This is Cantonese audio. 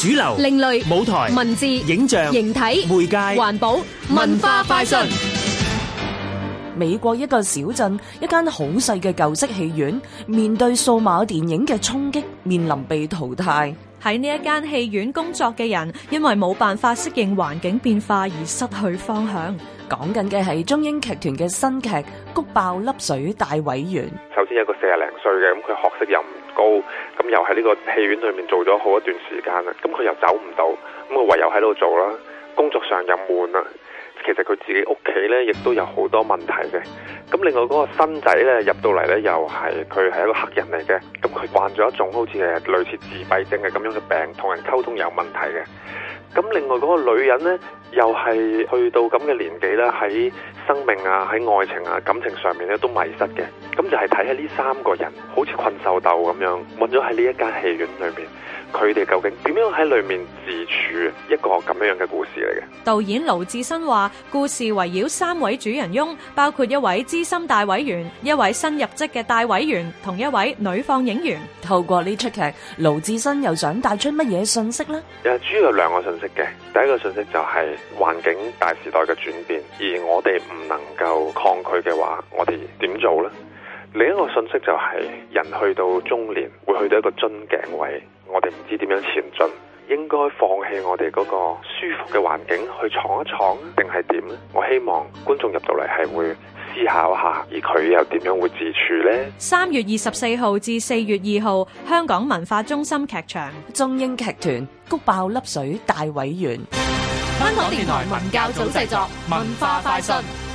主流、另類、舞台、文字、影像、形體、媒介、環保、文化快訊。美國一個小鎮，一間好細嘅舊式戲院，面對數碼電影嘅衝擊，面臨被淘汰。喺呢一間戲院工作嘅人，因為冇辦法適應環境變化而失去方向。講緊嘅係中英劇團嘅新劇《谷爆粒水大委員》。先一個四十零歲嘅，咁佢學識又唔高，咁又喺呢個戲院裏面做咗好一段時間啦，咁佢又走唔到，咁佢唯有喺度做啦。工作上又悶啦，其實佢自己屋企呢亦都有好多問題嘅。咁另外嗰個新仔呢，入到嚟呢，又係佢係一個黑人嚟嘅，咁佢患咗一種好似係類似自閉症嘅咁樣嘅病，同人溝通有問題嘅。咁另外嗰個女人呢，又係去到咁嘅年紀呢，喺生命啊、喺愛情啊、感情上面咧都迷失嘅。咁就係睇下呢三個人好似困獸鬥咁樣，困咗喺呢一間戲院裏面，佢哋究竟點樣喺裏面自處？一個咁樣嘅故事嚟嘅。導演盧志新話，故事圍繞三位主人翁，包括一位資深大委員、一位新入職嘅大委員同一位女放映員。透過呢出劇，盧志新又想帶出乜嘢信息？呢？又主要有兩個信息嘅，第一個信息就係環境大時代嘅轉變，而我哋唔能夠抗拒嘅話，我哋點做呢？另一個信息就係，人去到中年會去到一個樽頸位，我哋唔知點樣前進，應該放棄我哋嗰個舒服嘅環境去闖一闖，定係點呢？我希望觀眾入到嚟係會思考下，而佢又點樣會自處呢？三月二十四號至四月二號，香港文化中心劇場，中英劇團《谷爆粒水大委員》，香港電台文教組製作，文化快訊。